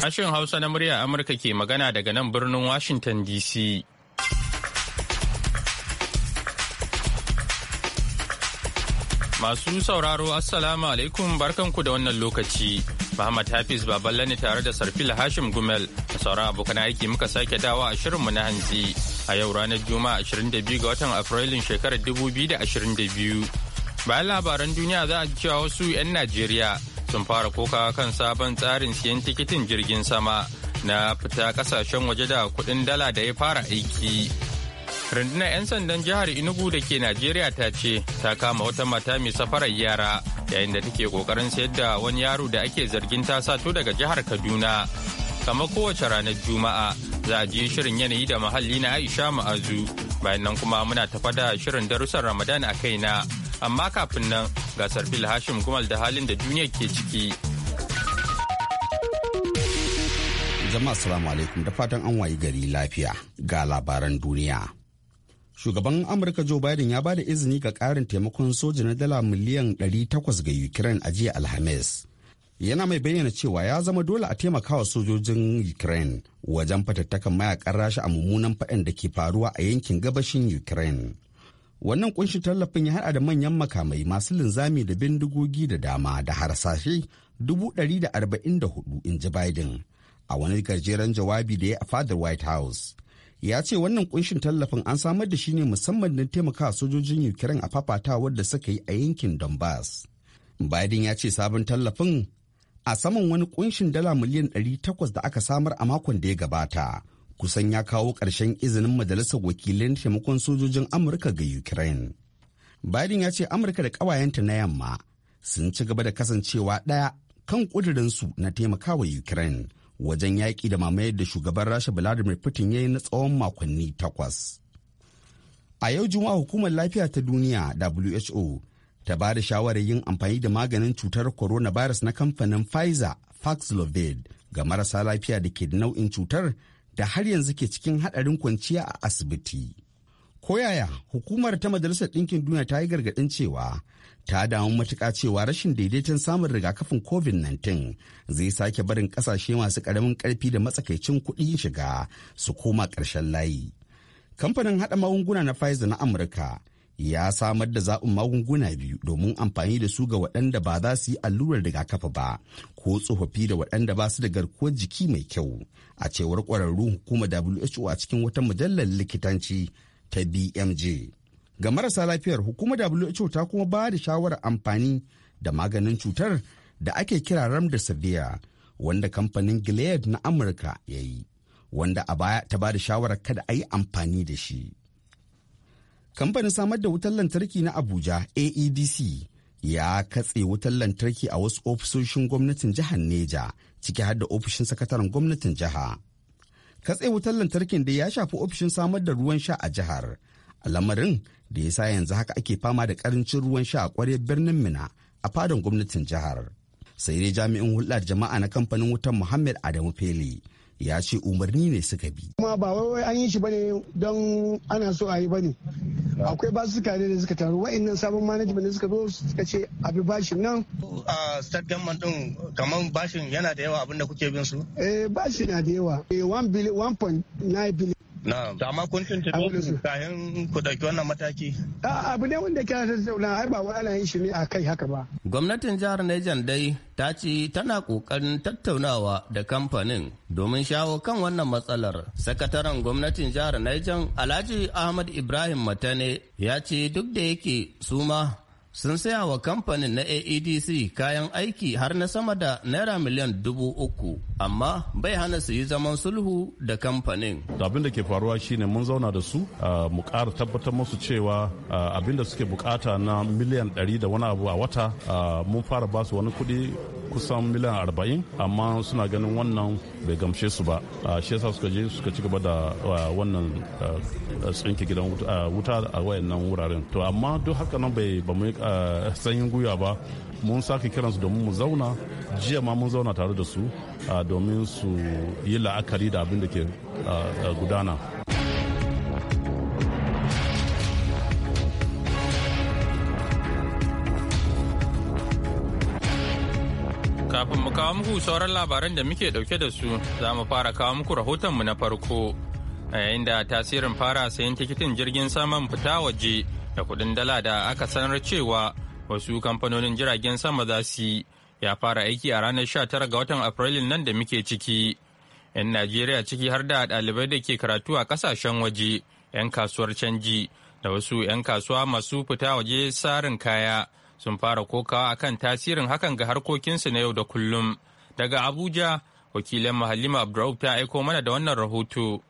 Ashin Hausa na murya Amurka ke magana daga nan birnin Washington DC. Masu sauraro Assalamu alaikum barkanku da wannan lokaci. Muhammad Hafiz Baballe ne tare da Sarfil Hashim Gumel da sauran abokan aiki muka sake dawa a mu na hantsi a yau ranar Juma'a 22 ga watan Afrilun shekarar 2022. Bayan labaran duniya za a ji cewa wasu 'yan Najeriya sun fara koka kan sabon tsarin siyan tikitin jirgin sama na fita kasashen waje da kuɗin dala da ya fara aiki. Rundunar 'yan sandan jihar Enugu da ke Najeriya ta ce ta kama wata mata mai safarar yara yayin da take kokarin sayar da wani yaro da ake zargin ta sato daga jihar Kaduna. Kamar kowace ranar Juma'a za a je shirin yanayi da muhalli na Aisha Ma'azu bayan nan kuma muna tafa da shirin darussan Ramadan a kaina. Amma kafin nan gasar fil hashim gumal da halin da duniya ke ciki jama'a salamu alaikum da fatan an wayi gari lafiya ga labaran duniya shugaban amurka joe biden ya ba da izini ga ƙarin taimakon soja na dala miliyan 800 ga ukraine a jiya alhamis yana mai bayyana cewa ya zama dole a taimakawa sojojin ukraine wajen fatattakan mayakan rasha a mummunan faɗin da ke faruwa a yankin gabashin ukraine wannan kunshin tallafin ya haɗa da manyan makamai masu linzami da bindigogi da dama da harsashe 144 in ji biden a wani gajeren jawabi da ya a fadar white house ya ce wannan kunshin tallafin an samar da shi ne musamman don taimaka sojojin ukraine a fafatawar da suka yi a yankin donbass biden ya ce sabon tallafin a saman wani kunshin dala miliyan 800 da aka samar a makon da ya gabata kusan ya kawo ƙarshen izinin majalisar wakilin taimakon sojojin amurka ga ukraine biden ya ce amurka da ƙawayenta na yamma sun ci gaba da kasancewa ɗaya kan ƙudurinsu na taimakawa ukraine wajen yaƙi da mamayar da shugaban rasha vladimir putin ya yi na tsawon makonni takwas a yau juma'a hukumar lafiya ta duniya who ta ba da shawarar yin amfani da maganin cutar coronavirus na kamfanin pfizer paxlovid ga marasa lafiya da ke da nau'in cutar da har yanzu ke cikin haɗarin kwanciya a asibiti. Koyaya hukumar ta Majalisar Ɗinkin Duniya ta yi gargaɗin cewa ta damu matuƙa cewa rashin daidaiton samun rigakafin COVID-19 zai sake barin ƙasashe masu ƙaramin ƙarfi da matsakaicin kuɗi shiga su koma ƙarshen layi. Kamfanin haɗa magunguna na Pfizer na Amurka ya samar da zaɓin magunguna biyu domin amfani da su ga waɗanda ba za su yi allurar rigakafi ba ko tsofaffi da waɗanda ba su da garkuwar jiki mai kyau a cewar ƙwararru hukumar who a cikin wata mujallar likitanci ta bmj ga marasa lafiyar hukumar who ta kuma ba da shawarar amfani da maganin cutar da ake kira remdesivir wanda kamfanin gilead na amurka ya yi wanda a baya ta ba da shawarar kada a yi amfani da shi kamfanin samar da wutar lantarki na abuja aedc ya katse wutar lantarki a wasu ofisoshin gwamnatin jihar neja ciki har da ofishin sakataren gwamnatin jiha katse wutar lantarkin da ya shafi ofishin samar da ruwan sha a jihar lamarin da ya sa yanzu haka ake fama da karancin ruwan sha a kwaryar birnin mina a fadan gwamnatin jihar sai dai jami'in hulɗar jama'a na kamfanin wutar muhammad adamu feli ya ce umarni ne suka bi. Kuma ba wai an yi shi bane don ana so a yi bane. Akwai basuka ne da suka taru wa'annan sabon management da suka zo suka ce a bi bashin nan. A state government din kamar bashin yana da yawa abinda kuke bin su? Eh bashi na da yawa. 1.9 eh, billion na amma kun tuntube kayan ku dauki wannan mataki a abu ne wanda ke tattauna ai ba wa ana yin shi ne a kai haka ba gwamnatin jihar Niger dai ta ce tana kokarin tattaunawa da kamfanin domin shawo kan wannan matsalar sakataren gwamnatin jihar Niger Alhaji Ahmad Ibrahim Matane ya ce duk da yake su ma sun saya wa kamfanin na aedc kayan aiki har na sama da naira miliyan dubu uku amma bai hana su yi zaman sulhu da kamfanin abin da ke faruwa shine mun zauna da su mu ƙara tabbatar musu cewa abin da suke bukata na miliyan ɗari da wani abu a wata mun fara ba su wani kuɗi kusan miliyan arba'in amma suna ganin wannan bai gamshe su ba shi yasa suka je suka ci gaba da wannan tsinke gidan wuta a wayannan wuraren to amma duk haka nan bai ba yi Eh, sanyin gwiwa ba mun sake kiransu domin mu zauna jiya ma mun zauna tare da su eh, domin su yi la'akari da abin da ke eh, gudana kafin mu kawo muku sauran labaran da muke dauke da su za mu fara kawo muku rahotonmu na farko a yayin da tasirin fara sayan tikitin jirgin saman fita waje da kuɗin dala da aka sanar cewa wasu kamfanonin jiragen sama za su yi ya fara aiki a ranar 19 ga watan Afrilun nan da muke ciki. 'Yan Najeriya ciki har da ɗalibai da ke karatu a ƙasashen waje, 'yan kasuwar canji da wasu 'yan kasuwa masu fita waje sarin kaya sun fara kokawa a kan tasirin hakan ga harkokinsu na yau da kullum. Daga Abuja, wakilin Mahalima Abdurraub ta aiko mana da wannan rahoto.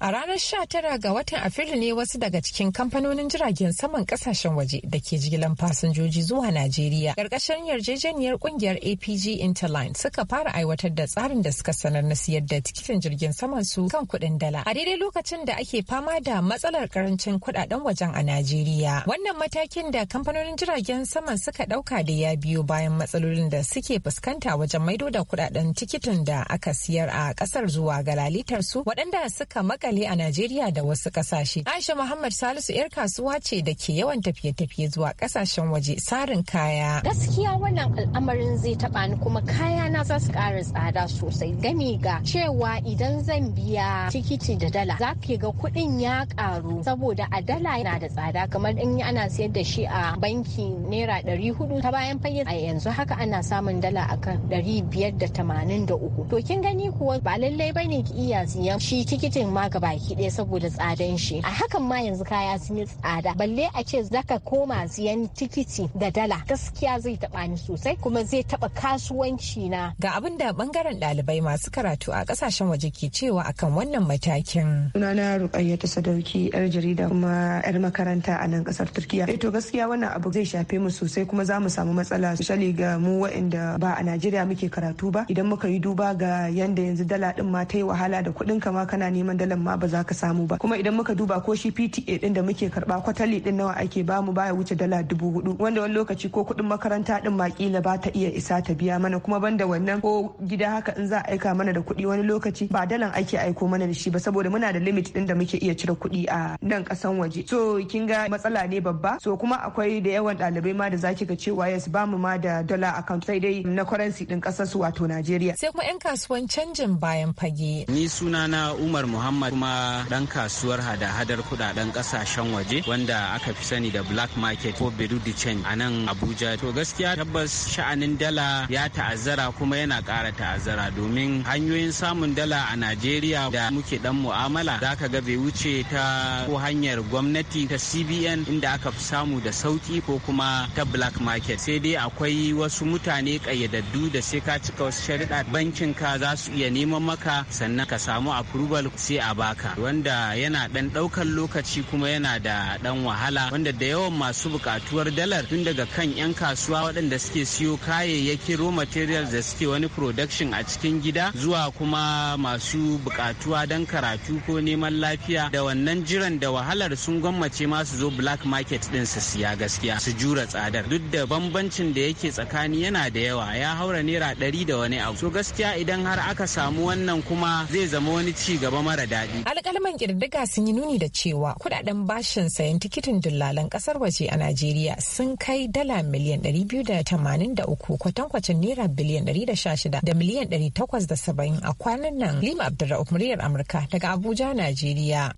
A ranar 19 ga watan Afrilu ne wasu daga cikin kamfanonin jiragen saman kasashen waje da ke jigilan fasinjoji zuwa Najeriya. Karkashin yarjejeniyar kungiyar APG Interline suka fara aiwatar da tsarin da suka sanar na siyar da tikitin jirgin saman su kan kuɗin dala. A daidai lokacin da ake fama da matsalar karancin kuɗaɗen wajen a Najeriya. Wannan matakin da kamfanonin jiragen saman suka ɗauka da ya biyo bayan matsalolin da suke fuskanta wajen maido da kuɗaɗen tikitin da aka siyar a ƙasar zuwa ga lalitar su waɗanda suka maka makale a Najeriya da wasu kasashe. Aisha Muhammad Salisu 'yar kasuwa ce da ke yawan tafiye-tafiye zuwa kasashen waje sarin kaya. Gaskiya wannan al'amarin zai taba ni kuma kaya na za su kara tsada sosai gami ga cewa idan zan biya tikiti da dala za ki ga kuɗin ya ƙaru saboda a dala yana da tsada kamar in ana sayar da shi a banki naira ɗari hudu ta bayan fage a yanzu haka ana samun dala akan ɗari biyar da tamanin da uku. To kin gani kuwa ba lallai bane ki iya siyan shi tikitin ma ga baki ɗaya saboda tsadan shi a hakan ma yanzu kaya sun yi tsada balle a ce zaka koma siyan tikiti da dala gaskiya zai taɓa ni sosai kuma zai taɓa kasuwanci na ga abin da bangaren ɗalibai masu karatu a ƙasashen waje ke cewa akan wannan matakin sunana rukayya ta sadauki yar jarida kuma yar makaranta a nan ƙasar turkiya eh to gaskiya wannan abu zai shafe mu sosai kuma za mu samu matsala shali ga mu waɗanda ba a najeriya muke karatu ba idan muka yi duba ga yanda yanzu dala ɗin ma ta yi wahala da kuɗin kama kana neman dalar ma ba za ka samu ba kuma idan muka duba ko shi PTA din da muke karba kwatali din nawa ake ba mu baya wuce dala dubu hudu wanda wani lokaci ko kuɗin makaranta din ma kila ba ta iya isa ta biya mana kuma banda wannan ko gida haka in za a aika mana da kuɗi wani lokaci ba dalan ake aiko mana da shi ba saboda muna da limit din da muke iya cire kuɗi a nan kasan waje so kin ga matsala ne babba so kuma akwai da yawan ɗalibai ma da zaki ga cewa yes mu ma da dala account sai dai na currency din kasar su wato Najeriya sai kuma 'yan kasuwan canjin bayan fage ni sunana Umar Muhammad kuma dan kasuwar hada-hadar kudaden ƙasashen waje wanda aka fi sani da black market ko bedudu chain a nan abuja to gaskiya tabbas sha'anin dala ya ta'azzara kuma yana ƙara ta'azzara domin hanyoyin samun dala a najeriya da muke dan mu'amala za ka ga bai wuce ta ko hanyar gwamnati ta cbn inda aka fi samu da sauki ko kuma ta black market sai dai akwai wasu mutane ƙayyadaddu da sai ka cika wasu shari'a bankin ka za su iya neman maka sannan ka samu approval sai a ba baka wanda yana dan daukan lokaci kuma yana da dan wahala wanda da yawan masu bukatuwar dalar tun daga kan 'yan kasuwa waɗanda suke siyo kayayyaki raw materials da suke wani production a cikin gida zuwa kuma masu bukatuwa dan karatu ko neman lafiya da wannan jiran da wahalar sun gwammace ma su zo black market din su siya gaskiya su jura tsadar duk da bambancin da yake tsakani yana da yawa ya haura naira ɗari da wani abu so gaskiya idan har aka samu wannan kuma zai zama wani ci gaba mara daɗi zaɓe. Alƙalman ƙirdiga sun yi nuni da cewa kuɗaɗen bashin sayan tikitin dillalan ƙasar waje a Najeriya sun kai dala miliyan ɗari biyu da da tamanin uku kwatankwacin naira biliyan ɗari da sha shida da miliyan ɗari takwas da saba'in a kwanan nan. Lima Abdulrahman muryar Amurka daga Abuja, Najeriya.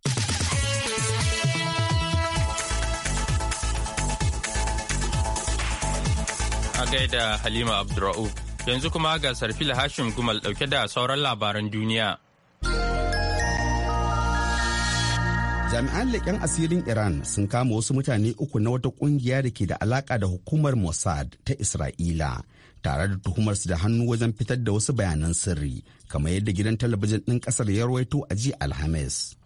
A gaida Halima Abdurra'u, yanzu kuma ga Sarfila Hashim Gumal ɗauke da sauran labaran duniya. jami'an leƙen asirin iran sun kama wasu mutane uku na wata ƙungiya da ke da alaƙa da hukumar mossad ta isra'ila tare da tuhumar su da hannu wajen fitar da wasu bayanan sirri kamar yadda gidan talabijin ɗin ƙasar ya rawaito a jiya alhamis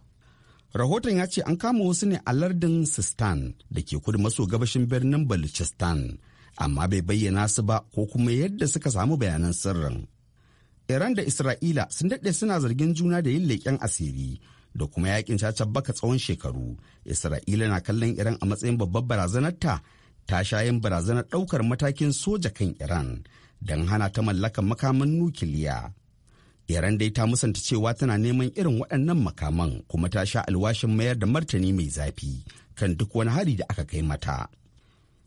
rahoton ya ce an kama wasu ne a lardin sistan da ke kudu maso gabashin birnin baluchistan amma bai bayyana su ba ko kuma yadda suka samu bayanan sirrin iran da isra'ila sun daɗe suna zargin juna da yin leƙen asiri da kuma yakin cacar baka tsawon shekaru isra'ila na kallon iran a matsayin babbar barazanarta ta sha yin barazanar ɗaukar matakin soja kan iran don hana ta mallaka makaman nukiliya iran dai ta musanta cewa tana neman irin waɗannan makaman kuma ta sha alwashin mayar da martani mai zafi kan duk wani hari da aka kai mata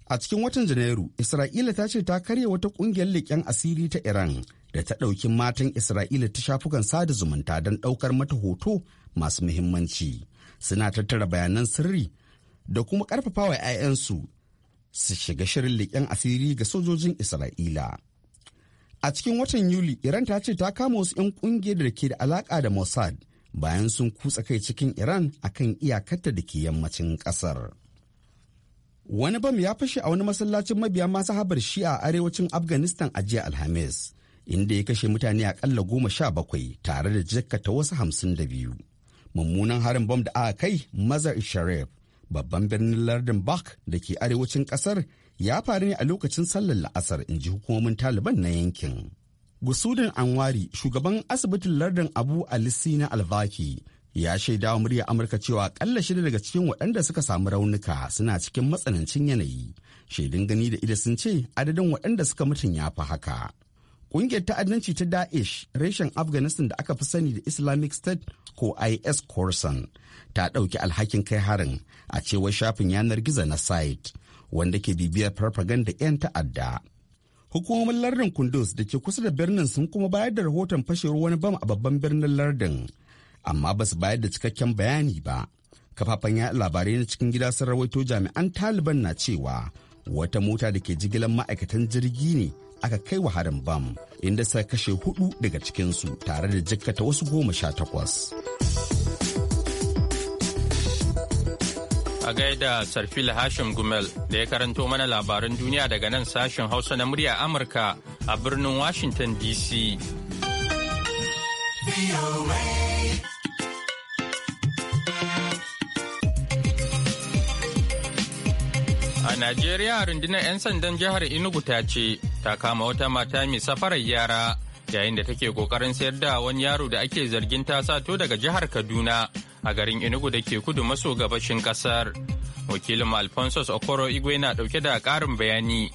a cikin watan janairu isra'ila ta ce ta karya wata ƙungiyar leƙen asiri ta iran da ta ɗauki matan Isra'ila ta shafukan sada zumunta don ɗaukar mata hoto masu muhimmanci suna tattara bayanan sirri da kuma wa 'ya'yansu su shiga shirin leƙen asiri ga sojojin isra'ila a cikin watan yuli iran ta ce ta kama wasu 'yan ƙungiyar da ke da alaƙa da mossad bayan sun kutsa kai cikin iran akan iyakarta da ke yammacin ƙasar wani bam ya fashe a wani masallacin mabiya masu habar shi'a a arewacin afghanistan a jiya alhamis inda ya kashe mutane aƙalla goma sha bakwai tare da jakkata wasu hamsin da biyu mummunan harin bom da aka kai mazar sharif babban birnin lardin bak da ke arewacin kasar ya faru ne a lokacin sallar la'asar in ji hukumomin taliban na yankin gusudin anwari shugaban asibitin lardin abu alisi na alvaki ya shaida wa murya amurka cewa akalla shida daga cikin waɗanda suka samu raunuka suna cikin matsanancin yanayi shaidun gani da ida sun ce adadin waɗanda suka mutum ya fi haka Ƙungiyar ta'addanci ta Daesh reshen Afghanistan da aka fi sani da Islamic State ko IS Khorasan ta ɗauki alhakin kai harin a cewar shafin yanar gizo na site wanda ke bibiyar farfaganda 'yan ta'adda. Hukumomin lardin Kunduz da ke kusa da birnin sun kuma bayar da rahoton fashewar wani bam a babban birnin lardin, amma ba su bayar da cikakken bayani ba. Kafafen ya labarai na cikin gida sun rawaito jami'an Taliban na cewa wata mota da ke jigilar ma'aikatan jirgi ne aka kai wa harin bam inda suka kashe hudu daga cikinsu tare da jikkata wasu goma sha takwas. A gaida Sarfil Hashim Gumel da ya karanto mana labaran duniya daga nan sashen Hausa na murya Amurka a birnin Washington DC. Najeriya rundunar 'yan sandan jihar Enugu ta ce ta kama wata mata mai safarar yara yayin da take kokarin sayar da wani yaro da ake zargin ta sato daga jihar Kaduna a garin Enugu da ke kudu maso gabashin kasar. Wakilin Alphonsus Okoro Igwe na dauke da karin bayani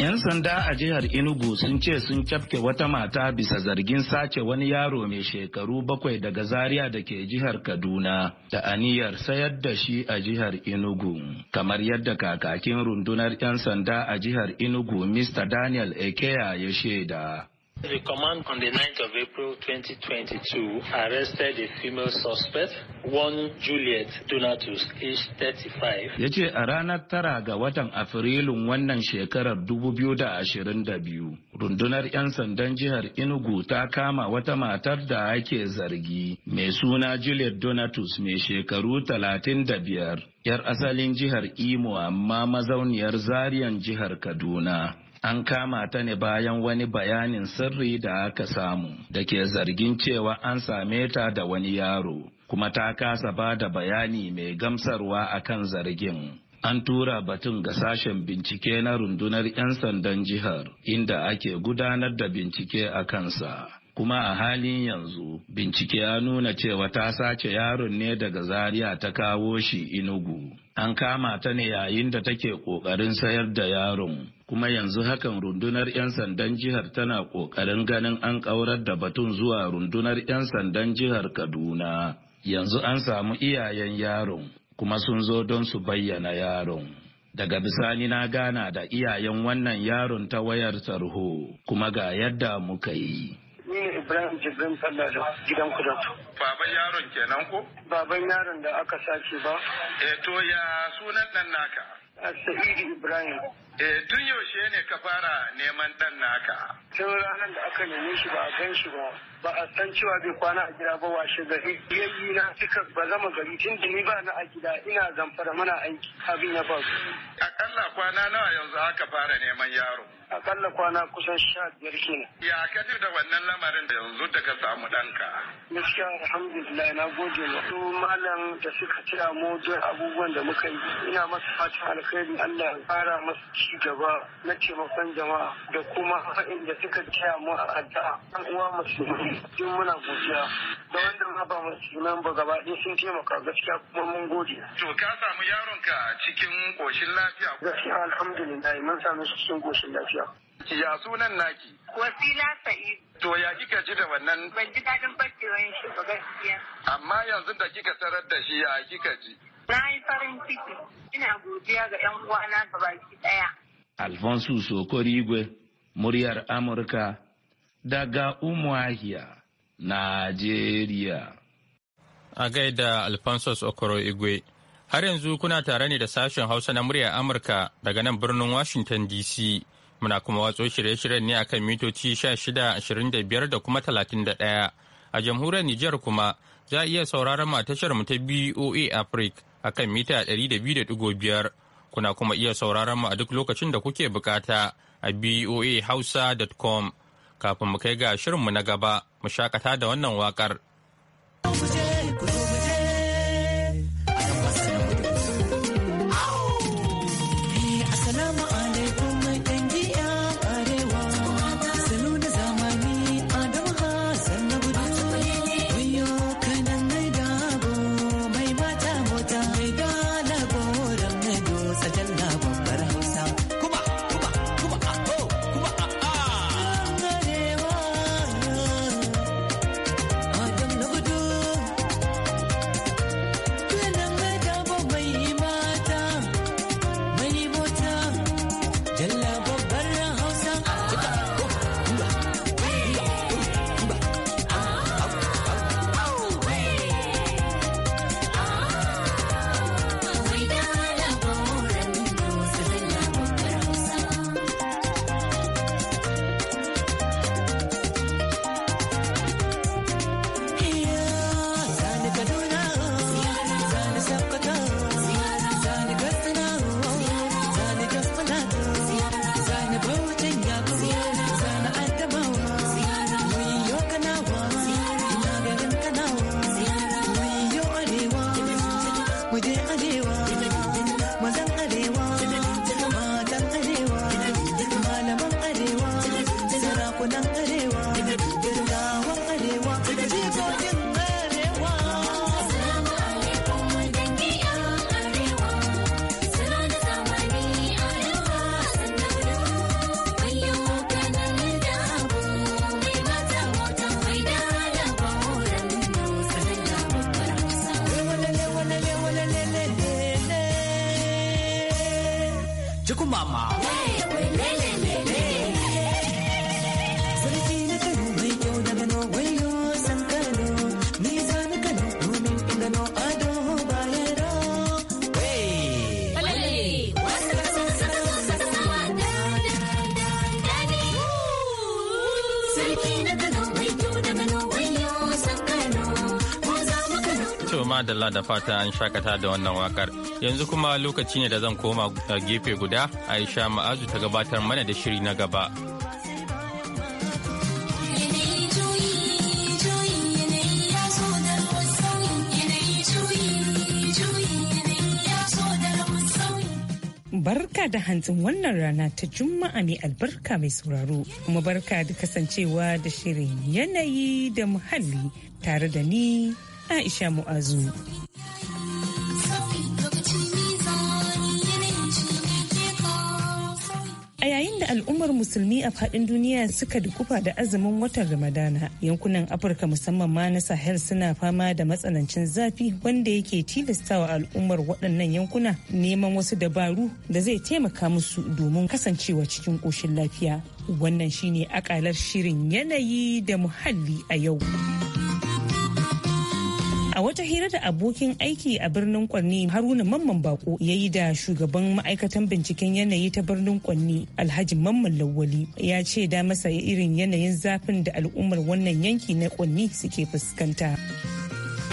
'Yan sanda a jihar Enugu sun ce sun cafke wata mata bisa zargin sace wani yaro mai shekaru bakwai daga Zaria da ke jihar Kaduna da aniyar sayar da shi a jihar Enugu. Kamar yadda kakakin rundunar 'yan sanda a jihar Enugu Mr. Daniel Ekeya ya shaida. The command on the 9th of April 2022 arrested a female suspect, one Juliet Donatus, age 35. Ya ce a ranar tara ga watan Afrilun wannan shekarar 2022, rundunar 'yan sandan jihar Enugu ta kama wata matar da ake zargi mai suna Juliet Donatus mai shekaru 35, 'yar asalin jihar Imo amma mazauniyar zariyan jihar Kaduna. An kama ta ne bayan wani bayanin sirri da aka samu da ke zargin cewa an same ta da wani yaro, kuma ta kasa ba da bayani mai gamsarwa a kan zargin. An tura batun ga sashen bincike na rundunar 'yan sandan jihar inda ake gudanar da bincike a kansa. Kuma a halin yanzu bincike ya nuna cewa ta sace yaron ne daga zaria ta kawo shi inugu. An kama ta ne yayin da take ƙoƙarin sayar da yaron. kuma yanzu hakan rundunar 'yan sandan jihar tana ƙoƙarin ganin an ƙaurar da batun zuwa rundunar 'yan sandan jihar Kaduna. Yanzu an samu iyayen yaron kuma sun zo don su bayyana yaron. Daga bisani na gana da iyayen wannan yaron ta wayar tarho kuma ga yadda muka yi. Ibrahim Jibrin Fallado gidan Kudatu. Baban yaron kenan ko? Baban yaron da aka sace ba. Eto eh, to ya sunan nan naka? Sa'idu Ibrahim. Eh tun yaushe ne ka fara neman dan naka? Tun ranar da aka neme shi ba a gan shi ba, ba a san cewa bai kwana a gida ba washe gari. Yayi na suka ba zama gari tun da ni ba na a gida ina zamfara mana aiki abin ya faru. Akalla kwana nawa yanzu aka fara neman yaro? Akalla kwana kusan sha biyar kenan. Ya ka da wannan lamarin da yanzu da ka samu ɗanka? Gaskiya alhamdulillah na gode wa su malam da suka cira mu duk abubuwan da muka yi. Ina masa fatan alkhairi Allah ya fara masa ci gaba na taimakon jama'a da kuma da suka taya mu a addu'a an uwa musulmi duk muna godiya da wanda ma ba musulman ba gaba ɗaya sun taimaka gaskiya kuma mun gode. To ka samu yaronka cikin ƙoshin lafiya? Gaskiya alhamdulillah mun samu shi cikin ƙoshin lafiya. Ya sunan naki? Wasila sa'i. To ya kika ji da wannan? Ban ji daɗin barkewan shi ba gaskiya. Amma yanzu da kika tarar da shi ya kika ji? Na yi farin ciki. Ina godiya ga 'yan uwana baki ɗaya. Alfonso okorigwe muryar Amurka daga Umuahia, Najeriya. A gaida Alfonso Okoro har yanzu kuna tare ne da sashen Hausa na muryar Amurka daga nan birnin Washington DC. Muna kuma watso shirye-shiryen ne akan mitoci shida, ashirin da kuma 31. A jamhuriyar Nijar kuma za a iya sauraron mu ta BOA Africa akan mita 200.5 Kuna kuma iya sauraron mu a duk lokacin da kuke bukata a boahausa.com kafin mu kai ga shirinmu na gaba mu shakata da wannan waƙar. kuma da da fata an shakata da wannan wakar. Yanzu kuma lokaci ne da zan koma gefe guda, Aisha Ma'azu ta gabatar mana da shiri na gaba. barka da hantsin wannan rana ta Juma'a mai albarka mai sauraro, kuma barka da kasancewa da shirin yanayi da muhalli tare da ni Aisha Mu'azu. al'ummar musulmi a faɗin duniya suka dukufa da azumin watan ramadana yankunan afirka musamman ma na sahel suna fama da matsanancin zafi wanda yake tilastawa al'ummar waɗannan yankuna neman wasu dabaru da zai taimaka musu domin kasancewa cikin ƙoshin lafiya wannan shine akalar shirin yanayi da muhalli a yau. wata hira da abokin aiki a birnin Kwanni Haruna Mamman Bako ya yi da shugaban ma'aikatan binciken yanayi ta birnin Kwanni Alhaji Mamman Lawali ya ce da masa irin yanayin zafin da al'ummar wannan yanki na Kwanni suke fuskanta.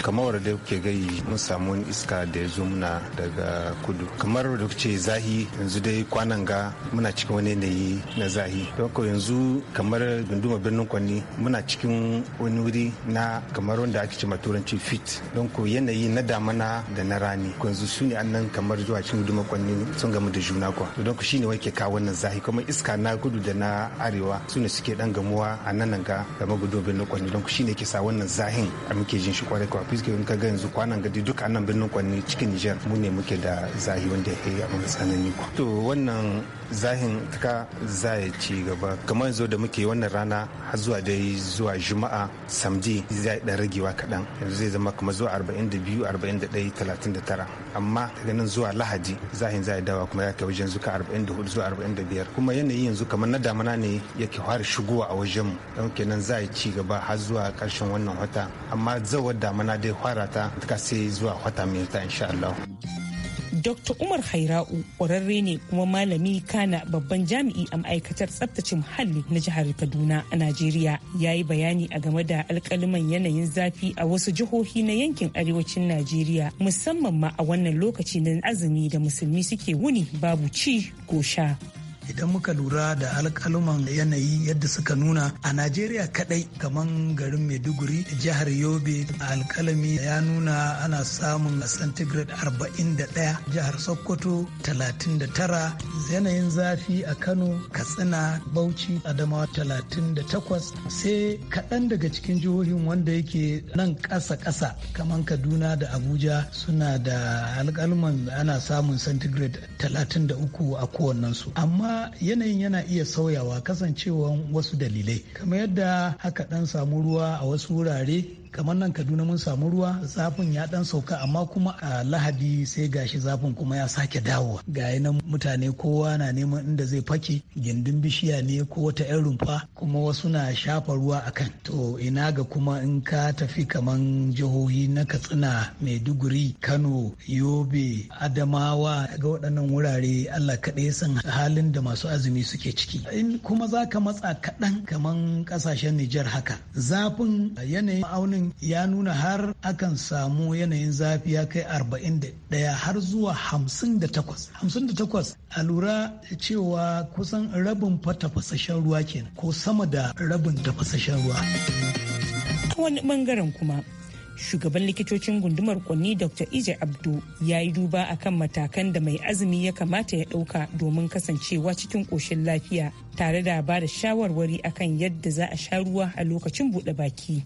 kamar da kuke gai mun samu iska da ya zo muna daga kudu kamar da kuke zahi yanzu dai kwanan ga muna cikin wani yanayi na zahi don ko yanzu kamar dunduma birnin kwanni muna cikin wani wuri na kamar wanda ake cewa turanci fit don ko yanayi na damana da na rani ko yanzu su ne annan kamar zuwa cikin dunduma kwanni sun gamu da juna kwa don ko shine wake kawo wannan zahi kuma iska na kudu da na arewa su ne suke dan gamuwa a nan ga game gudu birnin kwanni don ko shine ke sa wannan zahin a muke jin shi kwarai kwa fuske in ga yanzu kwanan gadi duka nan birnin kwanni cikin Niger mu ne muke da zahi wanda ya yi tsanani ku. To wannan zahin ka za ci gaba kamar yanzu da muke wannan rana har zuwa dai zuwa juma'a samdi zai dan ragewa kaɗan yanzu zai zama kamar zuwa 42 41 39 amma daga nan zuwa lahadi zahin zai dawa kuma ya kai wajen zuka 44 zuwa 45 kuma yanayi yanzu kamar na damana ne yake fara shigowa a wajen mu don kenan zai ci gaba har zuwa karshen wannan wata amma zawar damana dai fara ta sai zuwa wata minta Dr. Umar Haira'u ƙwararre ne kuma malami kana babban jami'i a ma'aikatar tsabtace muhalli na jihar Kaduna a Najeriya ya yi bayani a game da alkaliman yanayin zafi a wasu jihohi na yankin arewacin Najeriya musamman ma a wannan lokaci na azumi da musulmi suke wuni babu ci ko sha. idan muka lura da alkaluman yanayi yadda suka nuna a najeriya kadai kamar garin maiduguri jihar yobe alkalami ya nuna ana samun centigrade 41 jihar sokoto tara yanayin zafi a kano katsina bauchi adamawa takwas sai kaɗan daga cikin jihohin wanda yake nan ƙasa-ƙasa kamar kaduna da abuja suna da alkaluman ana samun centigrade uku a kowannensu amma yanayin yana iya sauyawa kasancewan wasu dalilai kamar yadda haka dan samu ruwa a wasu wurare kamar nan kaduna mun samu ruwa zafin ya dan sauka amma kuma a lahadi sai gashi zafin kuma ya sake dawowa ga nan mutane kowa na neman inda zai fake gindin bishiya ne ko wata yan rumfa kuma wasu na shafa ruwa akan to ina ga kuma in ka tafi kaman jihohi na katsina maiduguri kano yobe adamawa ga waɗannan wurare allah kaɗai san halin da masu azumi suke ciki in kuma za ka matsa kaɗan kaman ƙasashen nijar haka zafin yanayin ma'aunin. wurin ya nuna har akan samu yanayin zafi ya kai 41 har zuwa 58 58 a lura cewa kusan rabin tafasashen ruwa ke ko sama da rabin tafasashen ruwa a wani bangaren kuma shugaban likitocin gundumar kwanni dr ije abdu ya yi duba akan matakan da mai azumi ya kamata ya ɗauka domin kasancewa cikin ƙoshin lafiya tare da ba da shawarwari akan yadda za a sha ruwa a lokacin buɗe baki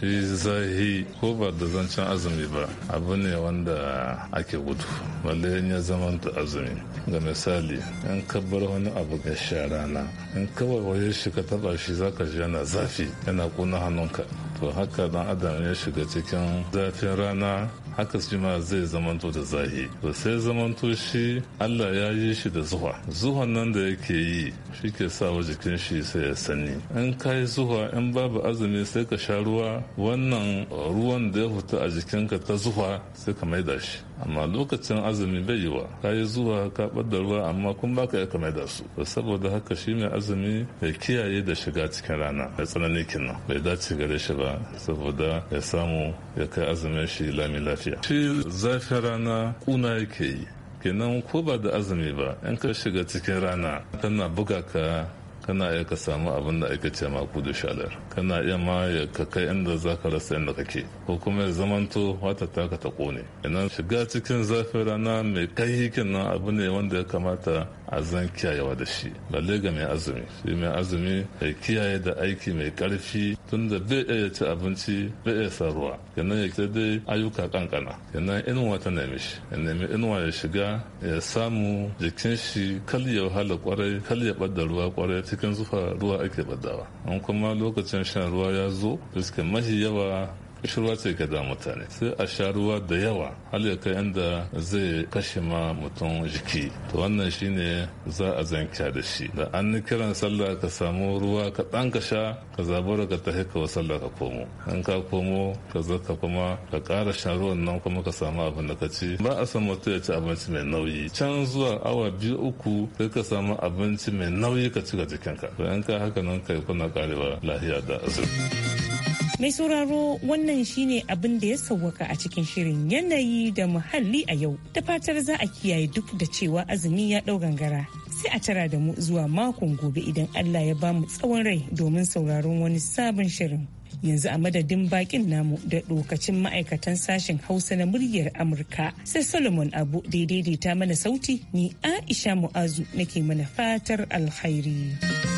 shi zahi ko ba da zancen azumi ba abu ne wanda ake gudu balle ya zama da azumi ga misali in ka bar wani abu ga sharana in kawai waje shi ka taba shi zaka ji yana zafi yana kuna hannunka to haka dan adam ya shiga cikin zafin rana haka shi ma zai zamanto da zahi ba sai zamanto shi Allah ya yi shi da zuwa zuwa nan da yake yi shi ke sa wa jikin shi sai ya sani in ka yi zuwa in babu azumi sai ka sha ruwa wannan ruwan da ya fita a jikinka ta zuwa sai ka maida shi amma lokacin azumi bai yiwa ka yi zuwa ka ɓadda ruwa amma kun baka ya kamar da su saboda haka shi mai azumi ya kiyaye da shiga cikin rana ya tsanani kenan bai dace gare shi ba saboda ya samu ya kai azumin shi lami lafiya shi zafin rana kuna yake yi kenan ko ba da azumi ba in ka shiga cikin rana tana buga ka kana iya ka samu abin da ake ce ma kudu shadar kana iya ma ya ka kai inda za ka rasa inda kake ko kuma ya zamanto wata taka ta kone idan shiga cikin zafin rana mai kai hikin nan abu ne wanda ya kamata a zan kiyayewa da shi balle ga mai azumi shi mai azumi ya kiyaye da aiki mai karfi tun da bai iya ci abinci bai iya sa ruwa kenan ya ce dai ayyuka kankana kenan inuwa ta nemi shi ya nemi inuwa ya shiga ya samu jikin shi kal ya wahala kwarai kal ya bada ruwa kwarai cikin zufa ruwa ake badawa an kuma lokacin shan ruwa ya zo fuskin mahi yawa ruwa ce ka da mutane sai a sha ruwa da yawa har ya kai inda zai kashe ma mutum jiki to wannan shine za a zanka da shi da an ni kiran sallah ka samu ruwa ka dan ka sha ka zabura ka tahi ka sallah ka komo in ka komo ka zo ka kuma ka kara shan ruwan nan kuma ka samu abin da ka ci ba a san mutum ya ci abinci mai nauyi can zuwa awa biyu uku sai ka samu abinci mai nauyi ka ci ga jikinka to in ka haka nan kai kuna karewa lahiya da azumi Mai sauraro wannan shine abin da ya sauwaka a cikin shirin yanayi da muhalli a yau. Da fatar za a kiyaye duk da cewa azumi ya ɗau gangara. Sai a tara da mu zuwa makon gobe idan Allah ya bamu tsawon rai domin sauraron wani sabon shirin. yanzu a madadin bakin namu da dokacin ma'aikatan sashen hausa na muryar amurka sai solomon abu daidaita mana sauti ni aisha mu'azu nake mana fatar alkhairi.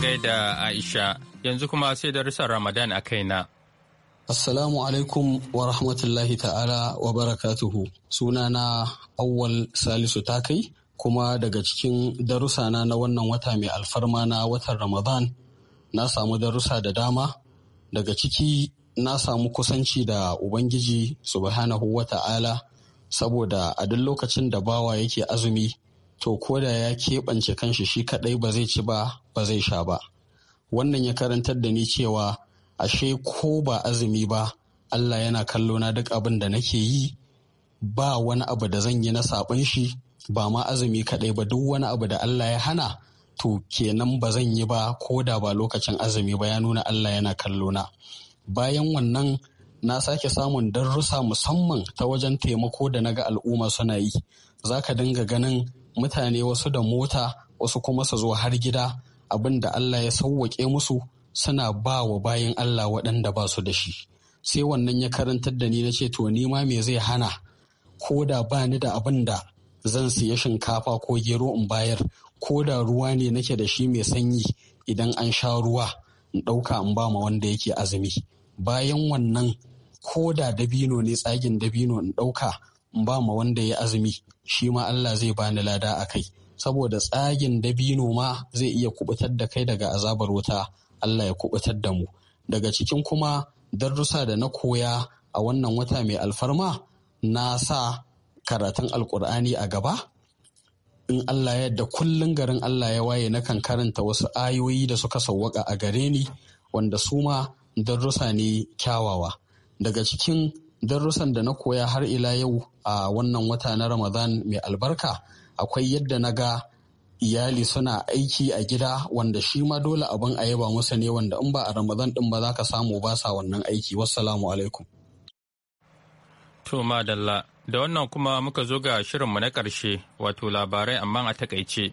gaida Aisha yanzu kuma sai darussan Ramadan a kaina. Assalamu alaikum wa rahmatullahi ta'ala wa barakatuhu. Sunana Awwal Salisu ta kai, kuma daga cikin darussana na wannan wata mai alfarma na watan Ramadan na samu darussa da dama daga ciki na samu kusanci da Ubangiji subhanahu wa ta'ala saboda a duk lokacin da bawa yake azumi to ko da ya keɓance kanshi shi kaɗai ba zai ci ba ba zai sha ba wannan ya karantar da ni cewa ashe ko ba azumi ba Allah yana kallo na duk abin da nake yi ba wani abu da zan yi na saɓon shi ba ma azumi kaɗai ba duk wani abu da Allah ya hana to kenan ba zan yi ba ko da ba lokacin azumi ba ya nuna Allah yana kallo na bayan wannan na sake samun darussa musamman ta wajen taimako da naga al'umma suna yi za ka dinga ganin mutane wasu da mota wasu kuma su zo har gida abin da Allah ya sauwaƙe musu suna ba wa bayan Allah waɗanda ba su da shi sai wannan ya karantar da ni na ce to ni ma me zai hana ko da ba ni da abin da zan siya shinkafa ko gero in bayar ko da ruwa ne nake da shi mai sanyi idan an sha ruwa in ɗauka in ba ma wanda yake azumi bayan wannan ko da dabino ne tsagin dabino in ɗauka in ba ma wanda ya azumi shi ma Allah zai bani lada a kai saboda tsagin dabino ma zai iya kubutar da kai daga azabar wuta Allah ya kubutar da mu daga cikin kuma darussa da na koya a wannan wata mai alfarma na sa karatun alkur'ani a gaba in Allah ya yadda kullum garin Allah ya waye na kan karanta wasu ayoyi da suka sauwaka a gare ni wanda su ma darussa ne kyawawa daga cikin darussan da na koya har ila yau a wannan wata na ramadan mai albarka akwai yadda na ga iyali suna aiki a gida wanda shi ma dole abin a yaba musu ne wanda in ba a ramadan din ba za ka samu ba sa wannan aiki wassalamu alaikum da wannan kuma muka zo ga shirinmu na ƙarshe wato labarai amma a takaice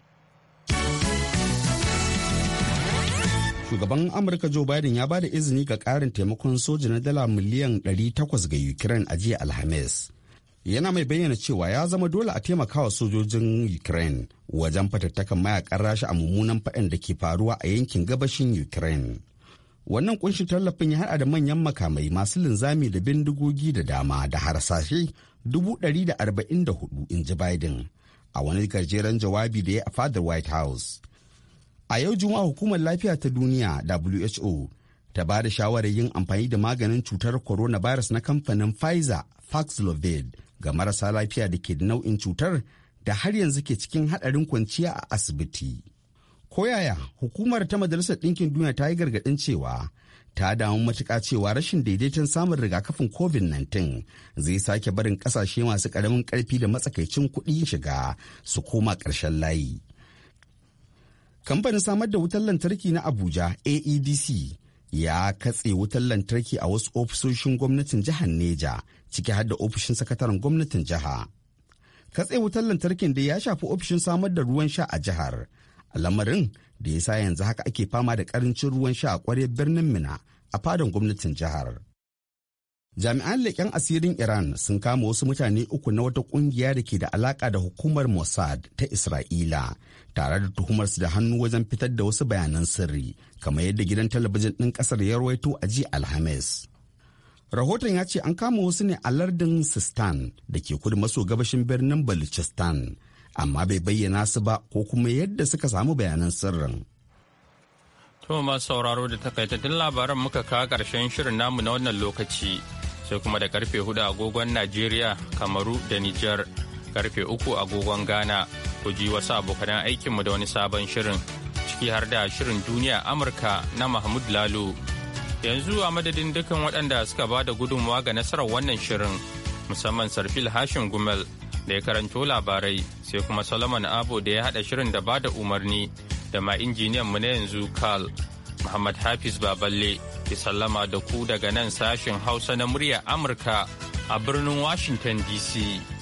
shugaban amurka joe biden ya ba da izini ga karin taimakon soja na dala miliyan 800 ga ukraine a jiya alhamis yana mai bayyana cewa ya zama dole a taimakawa sojojin ukraine wajen fatattakan mayakan rasha a mummunan faɗin da ke faruwa a yankin gabashin ukraine wannan kunshin tallafin ya haɗa da manyan makamai masu linzami da bindigogi da dama da harsashe 144 in ji biden a wani gajeren jawabi da ya a fadar white house a yau juma'a hukumar lafiya ta duniya who ta ba da shawarar yin amfani da maganin cutar coronavirus na kamfanin pfizer paxlovid ga marasa lafiya da ke da nau'in cutar da har yanzu ke cikin haɗarin kwanciya a asibiti koyaya hukumar ta majalisar ɗinkin duniya ta yi gargaɗin cewa ta damu matuƙa cewa rashin daidaiton samun rigakafin covid-19 zai sake barin ƙasashe masu ƙaramin ƙarfi da matsakaicin kuɗi shiga su koma ƙarshen layi kamfanin samar da wutar lantarki na abuja aedc ya katse wutar lantarki a wasu ofisoshin gwamnatin jihar neja ciki har da ofishin sakataren gwamnatin jiha katse wutar lantarkin da ya shafi ofishin samar da ruwan sha a jihar lamarin da ya sa yanzu haka ake fama da karancin ruwan sha a kwaryar birnin mina a fadan gwamnatin jihar Jami'an leƙen asirin Iran sun kama wasu mutane uku na wata ƙungiya da ke da alaƙa da hukumar Mossad ta Isra'ila tare da tuhumarsu da hannu wajen fitar da wasu bayanan sirri kamar yadda gidan talabijin ɗin ƙasar ya rawaito a ji Alhamis. Rahoton ya ce an kama wasu ne a lardin Sistan da ke kudu maso gabashin birnin Baluchistan amma bai bayyana su ba ko kuma yadda suka samu bayanan sirrin. To masu sauraro da takaitattun labaran muka kawo ƙarshen shirin namu na wannan lokaci sai kuma da karfe hudu agogon Najeriya, Kamaru da Nijar, karfe uku agogon Ghana, ku ji wasu abokanan aikinmu da wani sabon shirin ciki har da shirin duniya Amurka na Mahmud Lalo. Yanzu a madadin dukkan waɗanda suka ba da gudunmawa ga nasarar wannan shirin musamman Sarfil Hashim Gumel da ya karanto labarai sai kuma Solomon Abo da ya haɗa shirin da ba da umarni. da ma injiniyan mu na yanzu Carl Muhammad Hafiz Baballe ki sallama da ku daga nan sashen Hausa na murya Amurka a birnin Washington DC.